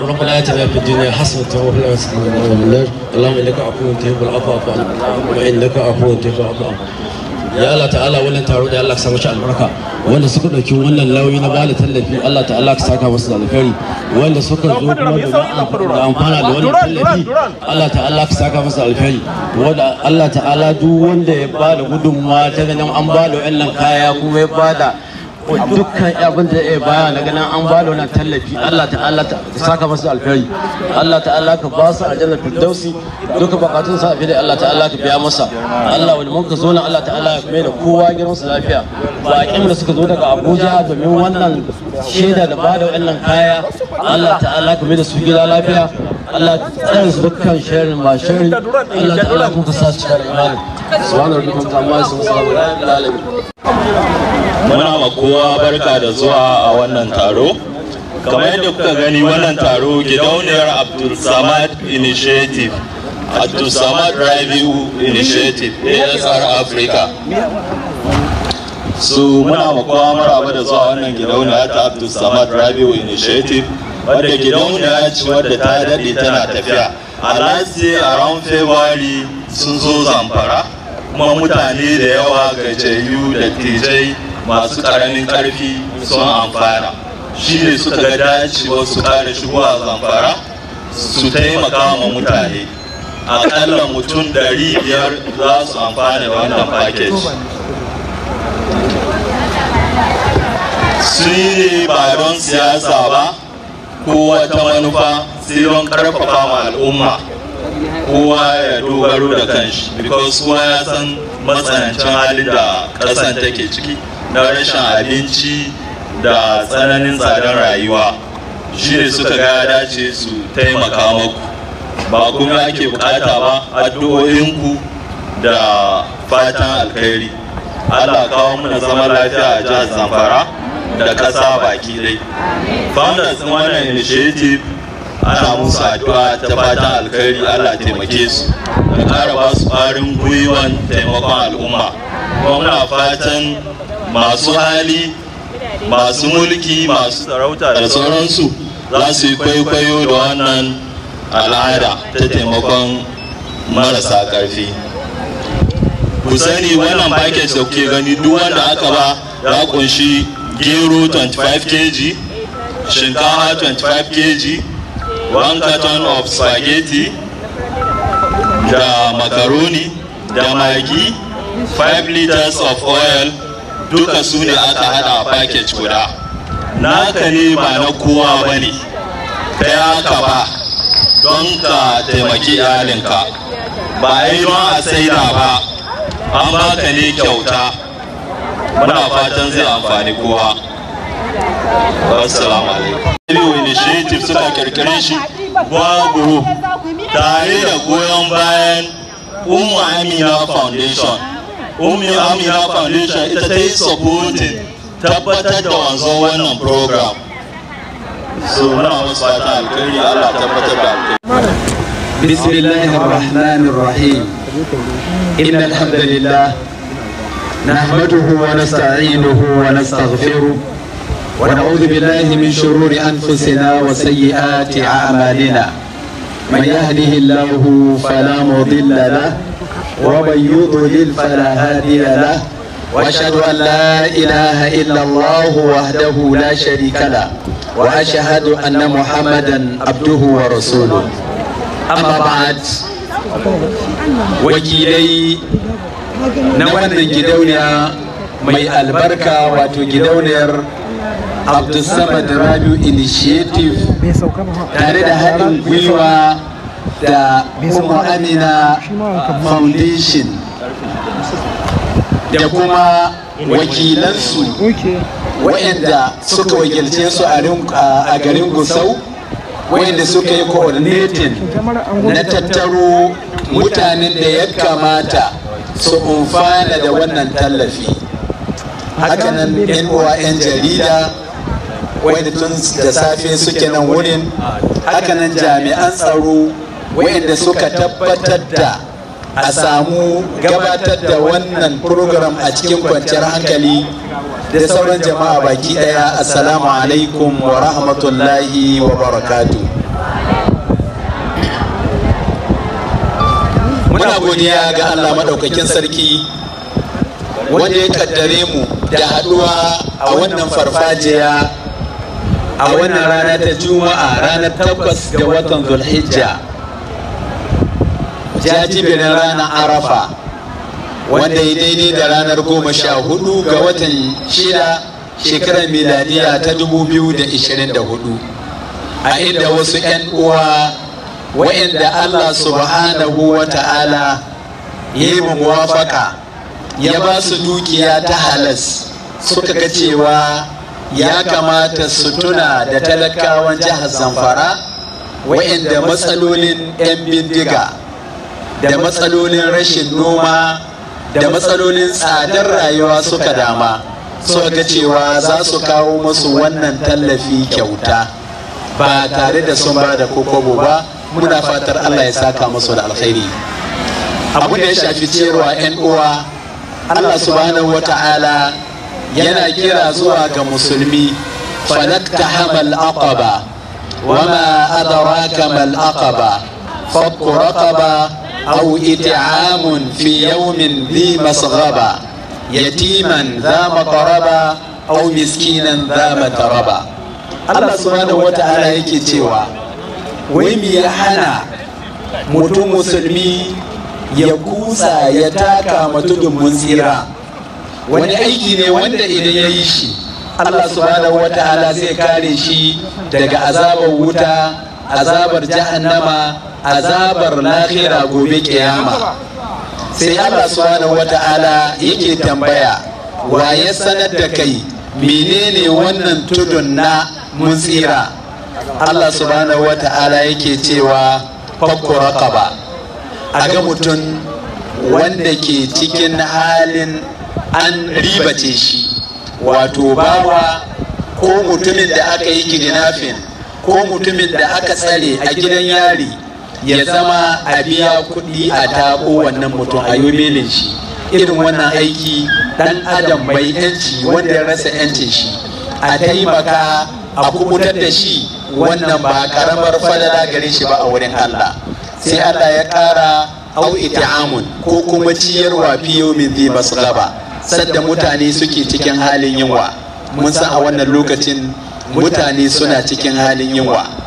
ربنا اتنا في الدنيا حسنه وفي الاخره حسنه النار اللهم انك عفو تحب العفو عفو وانك عفو تحب العفو ya Allah ta'ala wannan taro da Allah ka sa mashi albarka wanda suka dauki wannan lauyi na bada tallafi Allah ta'ala ka saka musu wanda suka zo da amfana da wannan tallafi Allah ta'ala ka saka musu wanda Allah ta'ala duk wanda ya bada gudunmawa ta ganin an bada wannan kaya kuma ya bada dukkan abin da ya baya na ganin an ba da tallafi Allah Allah ta saka masu alfahari Allah Allah ka ba su jannar firdausi duka bukatun sa fi da Allah Allah ka biya masa Allah mun ka zo na Allah Allah ya mai da kowa gidan su lafiya baƙin da suka zo daga Abuja domin wannan shaida da ba da wannan kaya Allah Allah ka mai da su gida lafiya Allah tsarin su dukkan sharrin ba sharrin Allah ta'ala kuma ka sa su cikin imani subhanallahi wa bihamdihi wa salamun muna ma kowa barka da zuwa a wannan taro kamar yadda kuka gani wannan taro gidauniyar Abdul Samad initiative Abdul Samad review initiative asr africa su muna ma kowa maraba da zuwa wannan gidauniyar ta Abdul Samad review initiative wadda gidauniyar ce wadda ta daɗe tana tafiya a last day around february sun zo zamfara kuma mutane da yawa gajiyayyu da tijai masu ƙaramin ƙarfi sun amfana shi ne suka ga dacewa su ƙara shigowa zamfara su taimaka ma mutane aƙalla mutum dari biyar za su amfana wannan package Su yi ne ba don siyasa ba ko wata manufa sai don ƙarfafa ma al'umma kowa ya dogaro da kanshi because kowa ya san matsanancin halin da ƙasan take ciki na rashin abinci da tsananin tsadar rayuwa shi ne suka ga dace su taimaka maku ba kuma ake bukata ba addu'o'inku da fatan alkhairi allah kawo mana zama lafiya a jihar zamfara da ƙasa baki dai founders wannan initiative ana musu addu'a ta fatan alkhairi allah taimake su da ƙara ba su gwiwan taimakon al'umma kuma muna fatan masu hali masu mulki masu sarauta da sauransu za su yi kwaikwayo da wannan al'ada ta taimakon marasa ƙarfi ku sani wannan package da kuke gani duk wanda aka ba ya kunshi gero 25 kg shinkafa 25 kg one carton of spaghetti da macaroni da magi 5 liters of oil duka su ne aka hada package guda naka ne ba na kowa ba ne ta yaka ba don ka taimaki iyalinka ba a yi don a saida ba an baka ne kyauta muna fatan zai amfani kowa assalamu alaikum Iliyo Initiative suka kirkire shi Gwaguru tare da goyon bayan Umma Amina Foundation ummi amina foundation ita ta yi supporting tabbatar da wanzon wannan program so muna musu fata alkhairi Allah tabbatar da alkhairi بسم الله الرحمن الرحيم إن الحمد لله نحمده ونستعينه ونستغفره ونعوذ بالله من شرور أنفسنا وسيئات أعمالنا من يهده الله فلا مضل له ومن يضلل فلا هادي له واشهد ان لا اله الا الله وحده لا شريك له واشهد ان محمدا عبده ورسوله amma ba'ad wakilai na wannan mai albarka wato gidauniyar abdulsamad rabiu initiative tare da haɗin gwiwa da kuma amina foundation da kuma wakilansu waɗanda suka wakilce su a garin gusau waɗanda suka yi coordinating na tattaro mutanen da ya kamata su umfana da wannan tallafi hakanan yan 'yan jarida wadda tun da safe suke nan wurin hakanan jami'an tsaro wayanda suka tabbatar da a samu gabatar da wannan program a cikin kwanciyar hankali da sauran jama'a baki daya assalamu alaikum wa rahmatullahi wa barakatu muna godiya ga allah maɗaukakin sarki wanda ya kaddare mu da haɗuwa a wannan farfajiya a wannan rana ta juma'a ranar takwas ga watan zulhijja ya na ranar arafa wanda ya daidai da ranar goma sha hudu ga watan shida shekarar miladiya ta dubu biyu da da ishirin hudu, a inda wasu 'yan uwa wa'inda allah subhanahu wa ta'ala ya yi muwafaka ya ba su dukiya ta halas suka ga cewa ya kamata su tuna da talakawan jihar zamfara wa'inda matsalolin 'yan bindiga da matsalolin rashin noma da matsalolin tsadar rayuwa suka dama suka ga cewa za su kawo musu wannan tallafi kyauta ba tare da sun ba da kokobo ba muna fatar allah ya saka musu da alkhairi abu da ya shafi cewa 'yan uwa allah subhanahu wata'ala yana kira zuwa ga musulmi falakta hamal aqaba wama adraka mal aqaba fakku raqaba أو إطعام في يوم ذي مسغبة يتيما ذا مقربة أو مسكينا ذا متربة Allah subhanahu wata'ala yake cewa wai mi ya hana mutum musulmi ya kusa ya taka matudun mun tsira wani aiki ne wanda idan ya yi shi Allah subhanahu wata'ala zai kare shi daga azabar wuta azabar jahannama azabar lahira gobe kiyama sai Allah subhanahu wata'ala yake tambaya wa ya sanar da kai menene wannan tudun na mun tsira Allah subhanahu wata'ala yake cewa fakku raqaba a ga mutum wanda ke cikin halin an ribace shi wato bawa ko mutumin da aka yi kidnapping ko mutumin da aka tsare a gidan yari ya zama a biya kuɗi a taɓo wannan mutum a yi shi irin wannan aiki ɗan adam mai yanci wanda ya rasa yancin shi a taimaka a kubutar da shi wannan ba karamar fadada gare shi ba a wurin Allah sai Allah ya ƙara au iti'amun ko kuma ciyarwa fiye min zai gaba. sadda mutane suke cikin halin yunwa mun san a wannan lokacin mutane suna cikin halin yunwa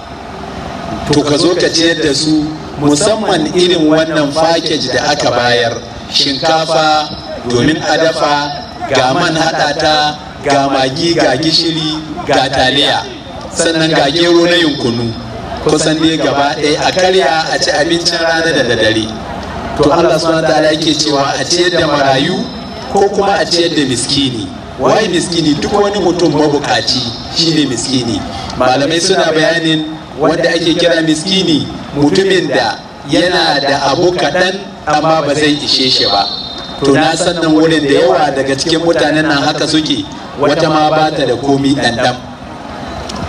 to ka zo ka ciyar da su musamman irin wannan fakej da aka bayar shinkafa domin a dafa ga man haɗa ta ga magi ga gishiri ga taliya sannan ga gero na yunkunu kusan ne gaba ɗaya a karya a ci abincin rana da dare to allah suna ta'ala yake cewa a ciyar da marayu ko kuma a ciyar da miskini wai miskini duk wani mutum mabukaci shine miskini malamai suna bayanin wanda ake kira miskini mutumin da yana da abu kaɗan amma ba zai ishe shi ba to na san nan wurin da yawa daga cikin mutanen nan haka suke wata ma ba ta da komi ɗanɗan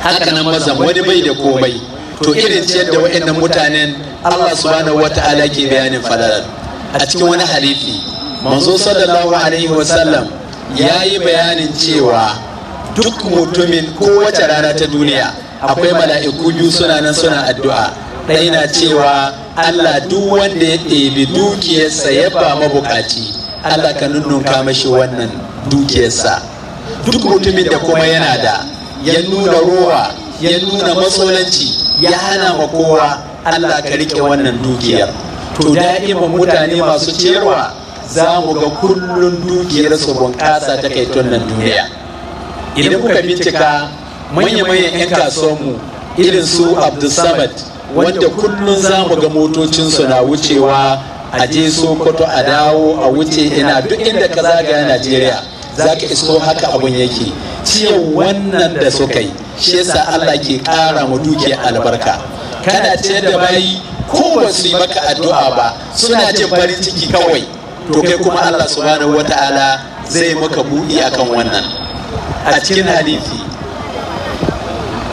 haka nan mazan wani bai da komai to irin ciyar da waɗannan mutanen Allah subhanahu Ta'ala ke bayanin falalar a cikin wani halifi manzo sallallahu alaihi wasallam ya yi bayanin cewa duk mutumin kowace rana ta duniya akwai mala'iku biyu suna nan suna addu'a ɗaya na cewa Allah duk wanda ya ɗebi dukiyarsa ya ba mabukaci Allah ka nunnunka mashi wannan dukiyarsa duk mutumin da kuma yana da ya nuna ruwa, ya nuna matsalanci ya hana ma kowa Allah ka rike wannan dukiyar to da'iman mutane masu cewa, za mu ga kullum dukiyarsu bunƙasa ta kai nan duniya idan kuka bincika manya-manyan 'yan kasuwanmu irin su abdulsamad wanda kullum za mu ga motocinsu na wucewa a je sokoto a dawo a wuce ina duk inda ka zagaya najeriya za ka iso haka abun yake ciyar wannan da suka yi shi yasa allah ke kara mu dukiya albarka kana ciyar da bai ko ba su yi maka addu'a ba suna jin farin ciki kawai to kai kuma allah subhanahu wata'ala zai maka buɗi akan wannan a cikin halifi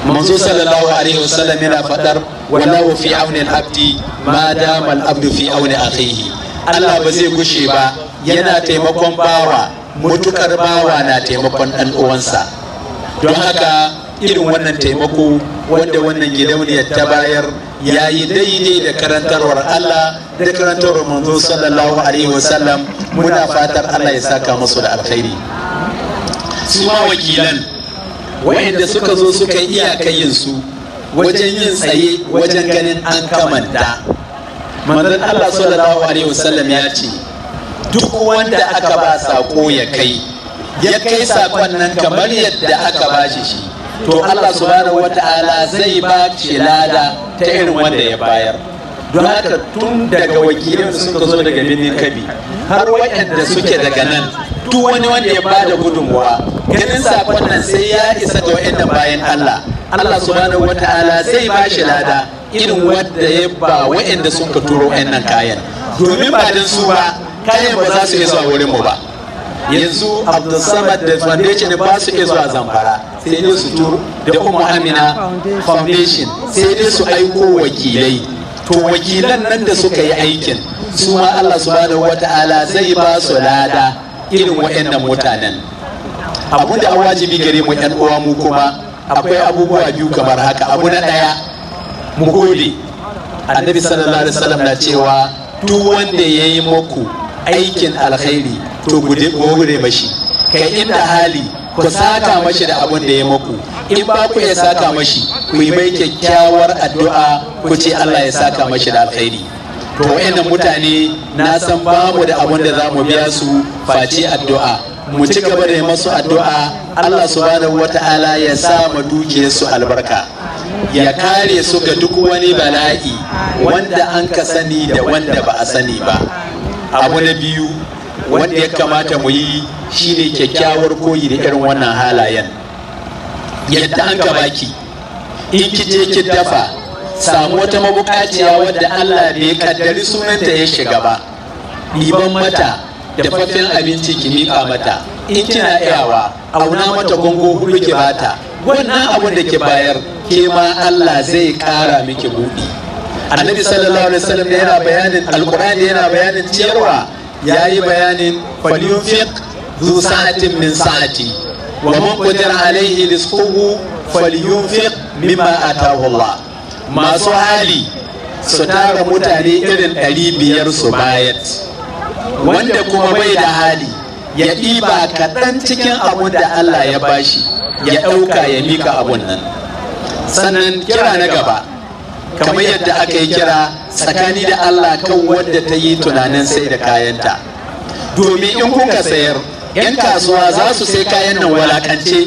manzo sallallahu alaihi wasallam yana fadar wallahu fi auni abdi ma dama abdu fi auni akhihi Allah ba zai gushe ba yana taimakon bawa mutukar bawa na taimakon dan uwansa don haka irin wannan taimako wanda wannan gidauniyar ta bayar yayi daidai da karantarwar Allah da karantarwar manzo sallallahu alaihi wasallam muna fatar Allah ya saka musu da alkhairi su ma wakilan wanda suka zo suka yi iyakayin su wajen yin tsaye wajen ganin an kamanta manzon Allah sallallahu alaihi wasallam ya ce duk wanda aka ba sako ya kai ya kai sakon nan kamar yadda aka ba shi shi to Allah subhanahu wata'ala zai ba shi lada ta irin wanda ya bayar don haka tun daga wakilan sun ka zo daga birnin kabi har waɗanda suke daga nan duk wani wanda ya bada gudunmuwa ganin sakon nan sai ya isa ga waɗanda bayan Allah Allah subhanahu wata'ala zai ba shi lada irin wadda ya ba waɗanda sun ka turo nan kayan domin ba don su ba kayan ba za su iya zuwa wurin mu ba yanzu abdulsamad da foundation ba su iya zuwa zamfara sai dai su turo da kuma amina foundation sai dai su aiko wakilai to wakilan nan da suka yi aikin su ma Allah subhanahu wata'ala zai ba su lada irin waɗannan mutanen abu da wajibi gare mu yan uwa mu kuma akwai abubuwa biyu kamar haka abu na ɗaya mu gode annabi sallallahu alaihi wasallam na cewa duk wanda yayi yi muku aikin alkhairi to gode mashi kai inda hali ku sata mashi da abin da ya muku in ba ku ya sata mashi ku yi mai kyakkyawar addu'a ku ce Allah ya sata mashi da alkhairi to wayannan mutane na san babu da abun da zamu biya su face addu'a mu ci gaba da masu addu'a Allah subhanahu wata'ala ya sa ma su albarka ya kare su ga duk wani bala'i wanda an ka sani da wanda ba a sani ba abu na biyu wanda ya kamata mu yi shine kyakkyawar koyi da irin wannan halayen yadda an gaba baki in ki je ki dafa samu wata mabukaciya wadda Allah bai kaddari sunanta ya shiga ba ɗiban mata dafaffen abinci ki miƙa mata in kina iyawa auna mata gongo hudu ki bata wannan abun da ki bayar ke ma Allah zai ƙara miki buɗi annabi sallallahu alaihi wasallam yana bayanin alqur'ani yana bayanin ciyarwa ya yi bayanin falyunfiq zu sa'atin min sa'ati wa man kudira alaihi rizquhu falyunfiq mimma atahu Allah masu hali su tara mutane irin ɗari biyar su bayat wanda kuma bai da hali ya ɗiba kaɗan cikin abun da Allah ya bashi ya ɗauka ya mika abun nan sannan kira na gaba kamar yadda aka yi kira tsakani da Allah kan wadda ta yi tunanin sai da kayanta domin in kuka sayar 'yan kasuwa za su sai kayan nan walakance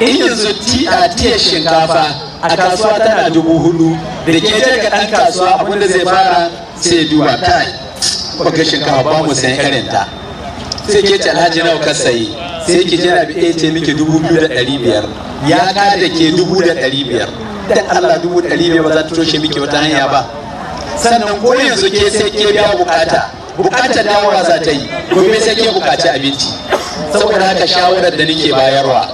in yanzu tiya tiya shinkafa a kasuwa tana dubu hudu da ke daga ɗan kasuwa abinda zai fara sai duba kai baka shinkafa ba mu sayan irin sai ke ce alhaji nawa ka sayi sai ki jira bi eh, ce miki dubu biyu da ɗari biyar ya ka ke dubu da ɗari biyar haddan Allah dubu ɗari ne ba za ta toshe miki wata hanya ba sannan ko yanzu ke sai ke biya bukata bukatar dawowa za ta yi gobe sai ke bukaci abinci saboda haka shawarar da nake bayarwa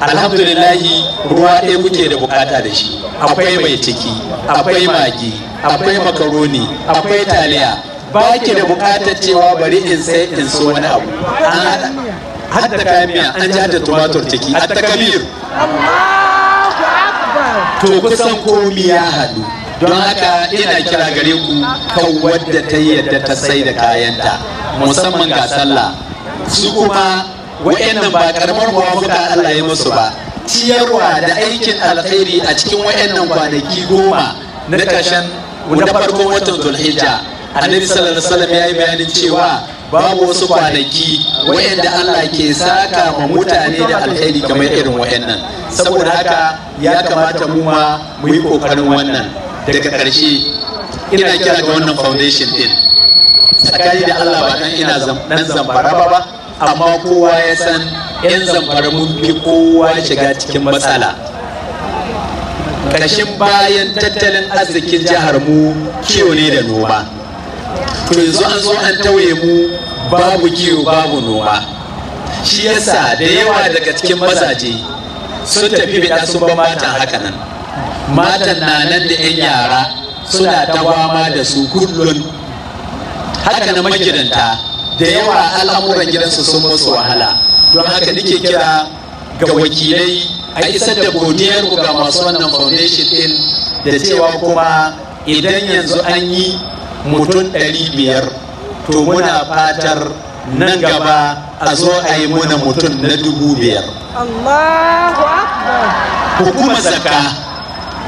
alhamdulillahi ruwa ɗaya muke da bukata da shi akwai mai ciki akwai magi akwai makaroni akwai taliya ba ki da bukatar cewa bari in sai in so wani abu hatta kayan miya an ji hatta ciki hatta kabir to kusan komi ya haɗu don haka ina kira gare ku kan wadda ta yadda ta sai da kayanta musamman ga sallah su kuma wa'annan ba karamar muwafuka Allah ya musu ba ciyarwa da aikin alkhairi a cikin wa'annan kwanaki goma na ƙarshen wadda farkon watan zulhijja annabi sallallahu alaihi ya yi bayanin cewa babu wasu kwanaki wa'anda Allah ke saka ma mutane da alkhairi kamar irin wa'annan saboda haka ya kamata mu ma mu yi kokarin wannan daga ƙarshe ina kira ga wannan foundation din tsakani da Allah ba dan ina zan zambara ba amma kowa ya san yan zambara mun fi kowa shiga cikin matsala ƙarshen bayan tattalin arzikin jihar mu kiwo ne da noma to yanzu an zo an tauye mu babu kiwo babu noma shi yasa da yawa daga cikin mazaje sun tafi bida sun ba matan haka nan matan na nan da 'yan yara suna ta gwama da su kullum haka na magidanta da yawa al'amuran gidansu sun musu wahala don haka nake kira ga wakilai a isar da godiyar ga masu wannan foundation din da cewa kuma idan yanzu an yi mutum 500 to muna fatar nan gaba a zo a yi muna mutum na dubu biyar hukumar zakka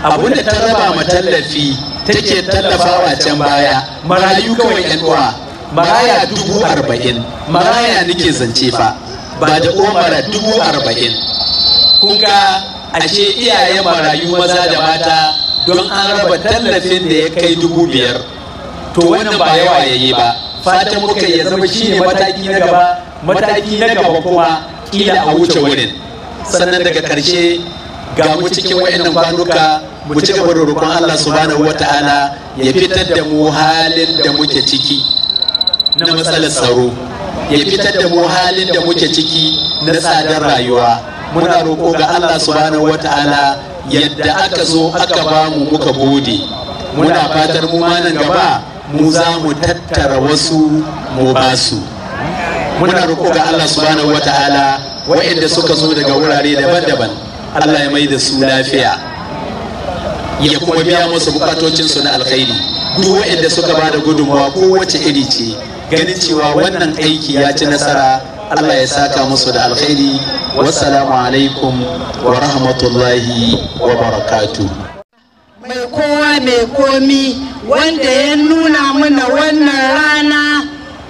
abinda ta raba ma tallafi take tallafawa can baya marayu kawai yan uwa maraya dubu arba'in maraya nake zance fa ba da omara dubu arba'in kunga ashe iyaye marayu maza da mata don an raba tallafin da ya kai dubu biyar to wannan ba yawa yayi ba fatan muka ya zama shine mataki na gaba mataki na gaba kuma kila a wuce wurin sannan daga karshe ga mu cikin wayannan kwanuka mu ci gaba da roƙon Allah subhanahu wata'ala ya fitar da mu halin da muke ciki na matsalar tsaro ya fitar da mu halin da muke ciki na tsadar rayuwa muna roƙo ga Allah subhanahu wata'ala yadda aka zo aka ba mu muka gode muna fatar mu ma nan gaba mu za mu tattara wasu mu ba su. muna roƙo ga Allah subhanahu wataala waɗanda suka zo daga wurare daban-daban Allah ya mai da su lafiya ya kuma biya musu bukatocinsu na alkhairi duk waɗanda suka ba da gudunmawa kowace iri ce ganin cewa wannan aiki ya ci nasara Allah ya saka musu da alkhairi wassalamu alaikum wa rahmatullahi wa barakatu mai kowa mai komi wanda ya nuna mana wannan rana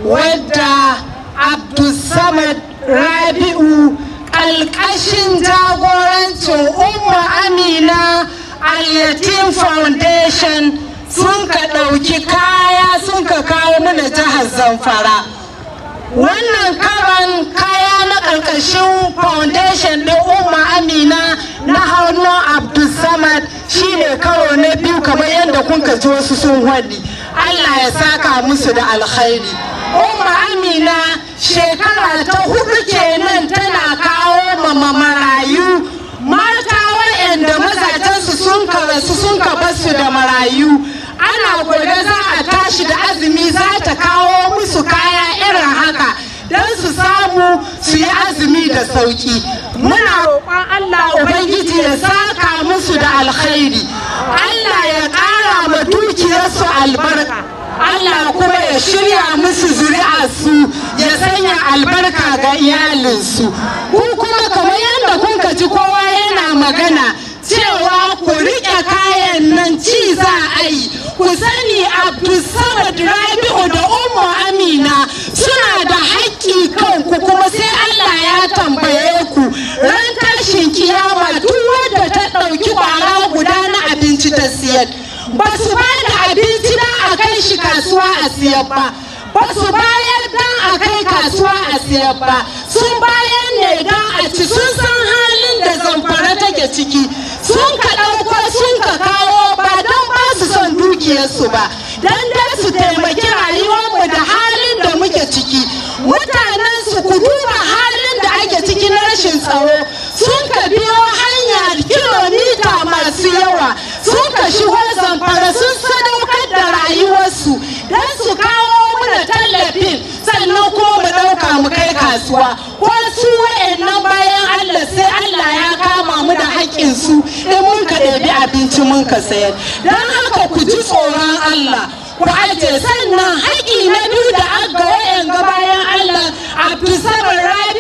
wadda abdulsamad rabi'u ƙalƙashin jagorancin umma amina al-yatim foundation sun ka ɗauki kaya sun ka kawo mana jihar zamfara wannan karan kaya na ƙarƙashin foundation ɗin umma amina na hannun abdulsamad shine karo na biyu kamar yadda kun ka ji wasu sun wani allah ya saka musu da alkhairi umma na shekara ta hudu kenan tana kawo ma marayu mata waɗanda mazajensu sun karasu sun kabasu da marayu ana gobe za a tashi da azumi za ta kawo musu kaya irin haka don su samu su yi azumi da sauki muna roƙon allah ubangiji ya saka musu da alkhairi allah ya ƙara ma dukiyarsu albarka Allah kuma ya shirya musu zuri'a su ya sanya albarka ga iyalinsu ku kuma kamar yadda kun ji kowa yana magana cewa ku riƙe kayan nan ci za a yi ku sani abdulsamad rabi'u da ummu amina suna da haƙƙi ku kuma sai allah ya tambaye ku ran tashin kiyama duk wadda ta ɗauki ƙwara guda na abinci ta siyar ba su ba da abinci shi kasuwa a siyar ba ba su bayar dan a kai kasuwa a siyar ba sun bayan ne dan a ci sun san halin da zamfara take ciki sun ka ɗauko sun ka kawo ba don ba su son dukiyarsu ba don dai su taimaki rayuwarmu da halin da muke ciki mutanen su ku duba halin da ake ciki na rashin tsaro sun ka biyo hanya kilomita masu yawa sun ka shigo zamfara don su kawo mana tallafin sannan ko mu ɗauka mu kai kasuwa ko su waɗannan bayan Allah sai Allah ya kama mu da haƙƙin su in mun ka ɗabi abinci mun ka sayar don haka ku ji tsoron Allah ku aje sannan haƙƙi na biyu da aga waɗanda bayan Allah Abdulsabar Raya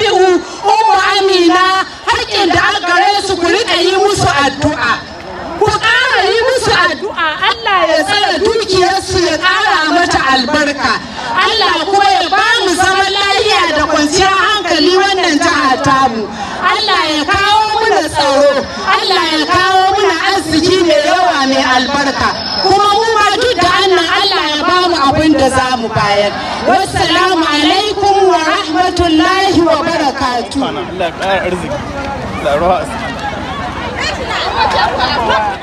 mu Allah ya kawo muna tsaro Allah ya kawo muna arziki mai yawa mai albarka kuma mu ma duk da annan Allah ya ba mu abin da za mu bayar wassalamu alaikum wa rahmatullahi wa barakatu Allah ya arziki